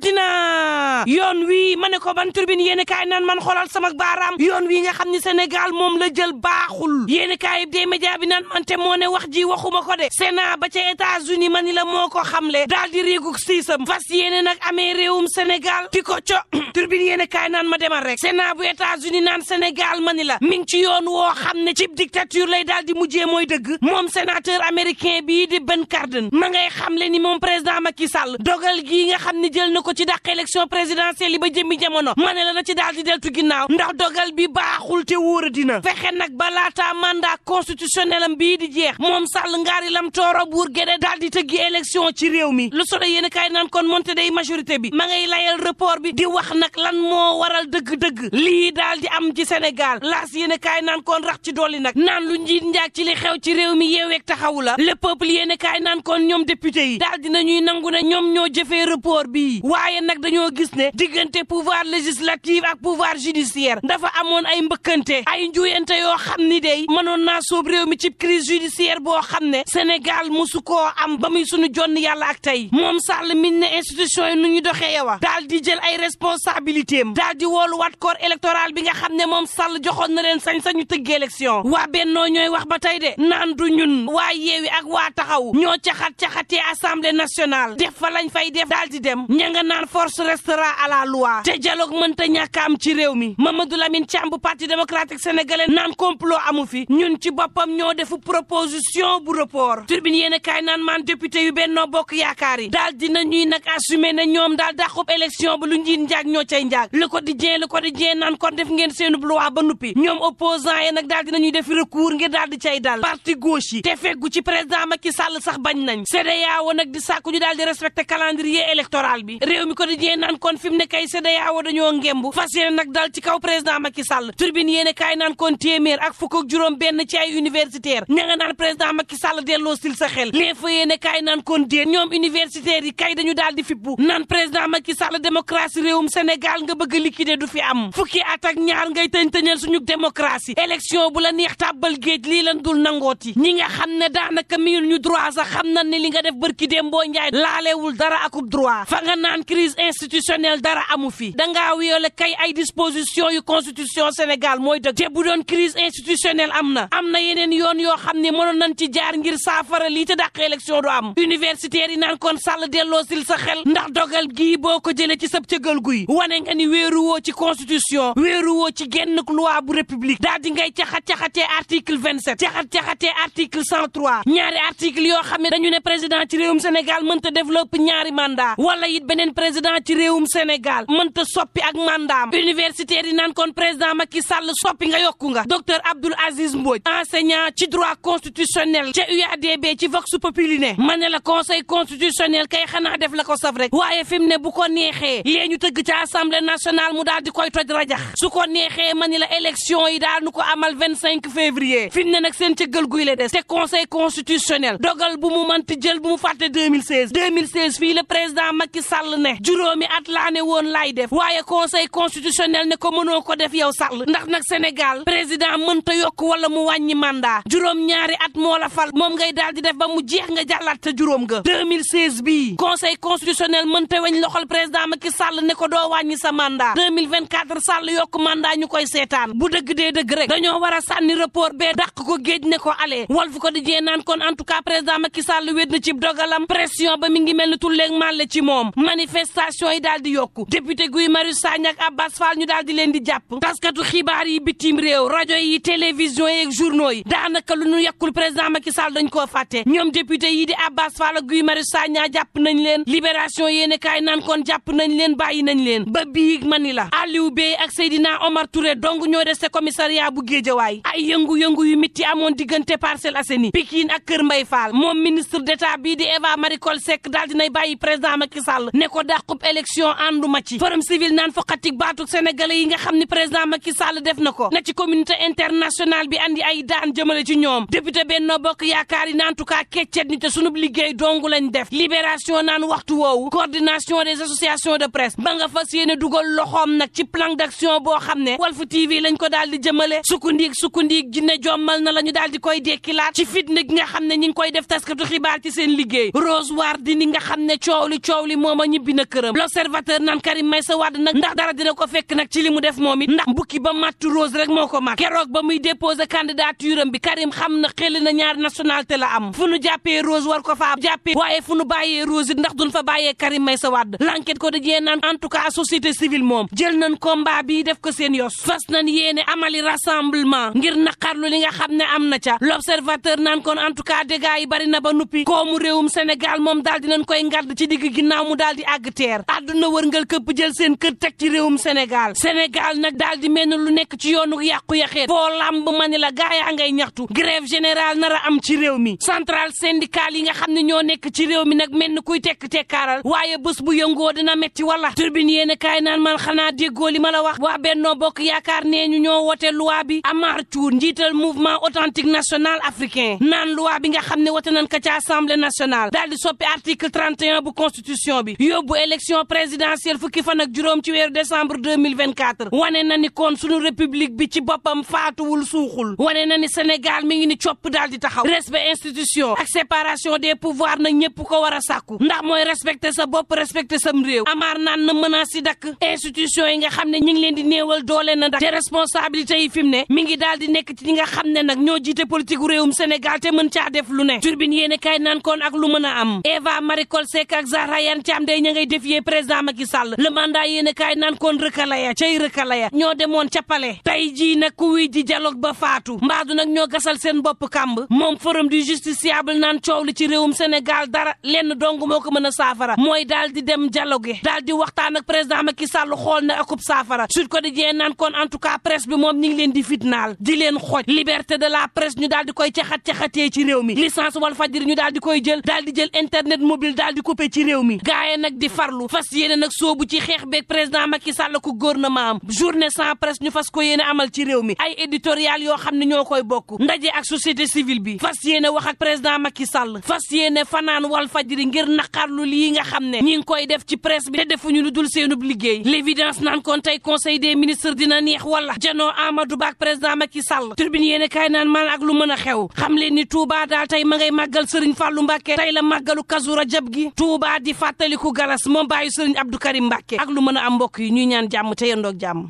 Dinner. yoon wi ma ne ko ban turbine yéen kaay naan man xoolal sama baaraam yoon wi nga xam ne Sénégal moom la jël baaxul yéen kaay des média bi man te moo wax ji waxuma ko de Sénat ba ca États-Unis ma ni la moo ko xamle daal di réegug siisam fas yéene nag amee réewum Sénégal di ko co turbine yéen kaay ma demal rek Sénat bu États-Unis naan Sénégal ma la mi ngi ci yoon woo xam ne ci dictature lay daal di mujjee mooy dëgg moom sénateur américain bii di Ben Cardin ma ngay xamle ni moom président Macky Sall dogal gi nga présidentielle yi ba jëmmi jamono ma ne la na ci daal di deltu ginnaaw ndax dogal bi baaxul te wóoradina fexe nag ba laataa mandat constitutionnel am bii di jeex moom Sall ngaari lam tooro buur géde daal di tëggi élection ci réew mi lu solo yéen kaay naan kon monte day majorité bi ma ngay layal report bi di wax nag lan moo waral dëgg-dëgg lii daal di am ci Sénégal laas yéen kaay naan kon rax ci dolli nag naan lu njiit njaag ci li xew ci réew mi yeeweeg taxawu la le peuple yéen kaay naan kon ñoom député yi daal dinañuy nangu ne ñoom ñoo jëfee report bii waaye nag dañoo gis ne diggante pouvoir législatif ak pouvoir judiciaire dafa amoon ay mbëkkante ay njuyante yoo xam ni day manoon naa soob réew mi ci crise judiciaire boo xam ne Sénégal mosu koo am ba muy sunu jon yàlla ak tey moom Sall miñ ne institution yi nu ñu doxee yow daal di jël ay responsabilité am daal di wooluwaat corps électoral bi nga xam ne moom Sall joxoon na leen sañ-sañu tëgg élection waa bennoo ñooy wax ba tay de naan du ñun waa yeewi ak waa taxaw ñoo caxat caxatee assemblée nationale def fa lañ fay def daal di état à la loi te dialogue mënta ñàkk am ci réew mi Mamadou Lamine Thiam bu parti démocratique sénégalais naan complot amu fi ñun ci boppam ñoo defu proposition bu report turbine yéen a kaay naan maan député yu bennoo bokk yaakaar yi daal dina ñuy nag assumer na ñoom daal dàqub élection ba lu njiit njaag ñoo cay njaag le quotidien le quotidien naan kon def ngeen seenub loi ba nuppi ñoom opposant yi nag daal dinañuy def recours ngir daal di cay dal parti gauche yi te feggu ci président Macky Sall sax bañ nañ CEDEAO nag di sàkku ñu daal di bi réew mi quotidien fi mu ne kay CEDEAO dañoo ngemb fas yéene nag dal ci kaw président Macky Sall turbine yéene kaay naan kon téeméer ak fukk ak juróom benn ci ay universitaire ña nga naan président Macky Sall delloo sil sa xel l'info yéene kaay naan kon déet ñoom universitaires yi kay dañu daal di fippu naan président Macky Sall démocratie réewum Sénégal nga bëgg a du fi am fukki at ak ñaar ngay tëñ-tëñal ñu démocratie élection bu la neex tàbbal géej lii lan dul nangooti ñi nga xam ne daanaka miyul ñu droit sax xam nañ li nga def bërki démboo njaay laalewul dara akub droit fa nga naan crise institutionnelle criminel dara amu fi dangaa wiyole kay ay disposition yu Sénégal mooy dëgg te bu doon crise institutionnelle am na am na yeneen yoon yoo xam ne mënoon nañ ci jaar ngir saafara lii te dàq élection du am universitaire yi naan kon sàll delloo sil sa xel ndax dogal gii boo ko jëlee ci sab cëgal guy wane nga ni wéeruwoo ci constitution wéeruwoo ci genn loi bu république daal di ngay caxat-caxatee article 27 caxat-caxatee article 103 ñaari article yoo xam ne dañu ne président ci réewum Sénégal mënta développe ñaari mandat wala it beneen président ci réewum Sénégal mënta soppi ak mandaam universitaire yi naan kon président Macky Sall soppi nga yokku nga docteur Abdoul Aziz Mbodj enseignant ci droit ci ca UADB ci Vox Populi ne ma ne la conseil constitutionnel kay xanaa def la ko saf rek waaye fi mu ne bu ko neexee lée ñu tëgg ci assemblée nationale mu daal di koy toj rajax su ko neexee ma ne la élection yi daal nu ko amal 25 février fi mu ne nag seen cëggal guy la des te conseil constitutionnel dogal bu mu mënti jël bu mu fàtte 2016 2016 fii la président Macky Sall ne juróomi at la santaane woon laay def waaye conseil constitutionnel ne ko mënoo ko def yow sàll ndax nag Sénégal président mënta yokk wala mu wàññi mandat juróom-ñaari at moo la fal moom ngay daal di def ba mu jeex nga jàllaat sa juróom nga 2016 bii conseil constitutionnel mënta weñ loxol président Macky Sall ne ko doo wàññi sa mandat 2024 Sall yokk mandat ñu koy seetaan bu dëgg dee dëgg rek dañoo war a sànni rapport bee dàq ko géej ne ko alee Walf ko di jee naan kon en tout cas président Macky Sall wéet na ci dogalam pression ba mi ngi mel ni tulleeg màlle ci moom manifestation yi daal di di yokku député Guy Marius Sagna Abbas Fall ñu daal di leen di jàpp taskatu xibaar yi bitim réew rajo yi télévision yi ak journaux yi daanaka lu ñu yekkul président Macky Sall dañ koo fàtte ñoom député yi di Abbas Fall ak Guy Marius Sagna jàpp nañ leen libération yéene kaay naan kon jàpp nañ leen bàyyi nañ leen ba biig mani la Aliou Bey ak Seydina Omar Touré dong ñoo des commissariat bu Géejawaay ay yëngu-yëngu yu mitti amoon diggante Parcelles Assainies Pikine ak Kër Mbay Fall moom ministre d'état bii di Eva Marie Coll Seck daal dinay bàyyi président Macky Sall ne ko dàqub élection ànduma ci forum civil naan fa xatik baatuk sénégalais yi nga xam ni président Macky Sall def na ko na ci communauté internationale bi andi ay daan jëmale ci ñoom député Benno Bokk Yaakaar yi naan en tout cas keccet ni te sunub liggéey dongu lañ def libération naan waxtu woowu coordination des associations de presse ba nga fas yéene dugal loxoom nag ci plan d'action boo xam ne wal Walf TV lañ ko daal di jëmale sukkandiig sukkandiig jinne jommal na la ñu daal di koy dekkilaat ci fitna gi nga xam ne ñi ngi koy def taskatu xibaar ci seen liggéey Rose Wardini nga xam ne coow li li moom a ñibbi na këram l'observateur l'observateur naan Karim Meïssa Wade nag ndax dara dina ko fekk nag ci li mu def moom it ndax mbukki ba matt rose rek moo ko mat keroog ba muy déposer candidature am bi Karim xam na xel na ñaari nationalité la am fu nu jàppee rose war ko faa jàppee waaye fu nu bàyyee rose it ndax duñ fa bàyyee Karim Meïssa Wade l'enquête ko dajee naan en tout cas société civile moom jël nañ combat bi def ko seen yos fas nañ yéene amali rassemblement ngir naqarlu li nga xam ne am na ca l'observateur naan kon en tout cas dégâts yi bari na ba nuppi koomu réewum Sénégal moom daal dinañ koy ngàdd ci digg ginnaaw mu daal di àgg wërngal këpp jël seen kër teg ci réewum Sénégal Sénégal nag daal di mel ni ci yoonu yàqu-yaxeet foo lamb ma la gaa yaa ngay ñaxtu grève générale nar a am ci réew mi central syndical yi nga xam ne ñoo nekk ci réew mi nag mel ni kuy tekk tekkaaral waaye bés bu yëngoo dina metti wala turbine yéen a kaay naan man xanaa déggoo li ma la wax waa Bennoo Bokk Yaakaar nee ñu ñoo wote loi bi Amar Thiour njiital mouvement authentique national africain naan loi bi nga xam ne wote nañ ko ci assemblée nationale daal di soppi article 31 bu constitution bi présidentielle fukki fan ak juróom ci weeru décembre 2024 wane na ni kon sunu république bi ci boppam faatuwul suuxul wane na ni Sénégal mi ngi ni copp daal di taxaw respect institution ak séparation des pouvoirs nag ñëpp ko war a sàkku ndax mooy respecter sa bopp respecter sam réew amaar naan na menace yi dakk institution yi nga xam ne ñi ngi leen di néewal doole na dak te responsabilité yi fi mu ne mi ngi daal di nekk ci ñi nga xam ne nag ñoo jiite politique réewum Sénégal te mën caa def lu ne turbine yéene kay naan kon ak lu mën a am Eva Marie Coll Seck ak Zahra Iyane Thiam day ña ngay défier président Macky Macky Sall le mandat yéene kaay naan kon rëkkalaya cay rëkkalaya ñoo demoon ca palais tey jii nag ku wuy ji dialogue ba faatu mbaadu nag ñoo gasal seen bopp kàmb moom forum du justiciable naan coow li ci réewum Sénégal dara lenn dong moo ko mën a saafara mooy daal di dem dialogue daal di waxtaan ak président Macky Sall xool na akub saafara Sud Quotidien naan kon en tout cas presse bi moom ñu ngi leen di fitnaal di leen xooj liberté de la presse ñu daal di koy caxat caxatee ci réew mi licence wal fajiri ñu daal di koy jël daal di jël internet mobile daal di coupé ci réew mi gaay nag di farlu fas yéene nag nag soobu ci xeex beeg président Macky Sall ku gouvernement am journée sans presse ñu fas ko yéene amal ci réew mi ay éditorial yoo xam ne ñoo koy bokk ndaje ak société civile bi fas yéene wax ak président Macky Sall fas yéene fanaan wal fajiri ngir naqarlu lii nga xam ne ñi ngi koy def ci presse bi te ñu lu dul seenub liggéey l'évidence naan kon tey conseil des ministres dina neex wala janoo Amadou Ba ak président Macky Sall turbine yéene kaay naan man ak lu mën a xew xam leen ni Touba daal tey ma ngay màggal Serigne Fallou Mbacké tey la màggalu Kazu Rajab gi Touba di fàttaliku galas moom bàyyi Serigne Abdou Karim Mbacke ak lu mën a am mbokk yi ñuy ñaan jàmm te yendoog jàmm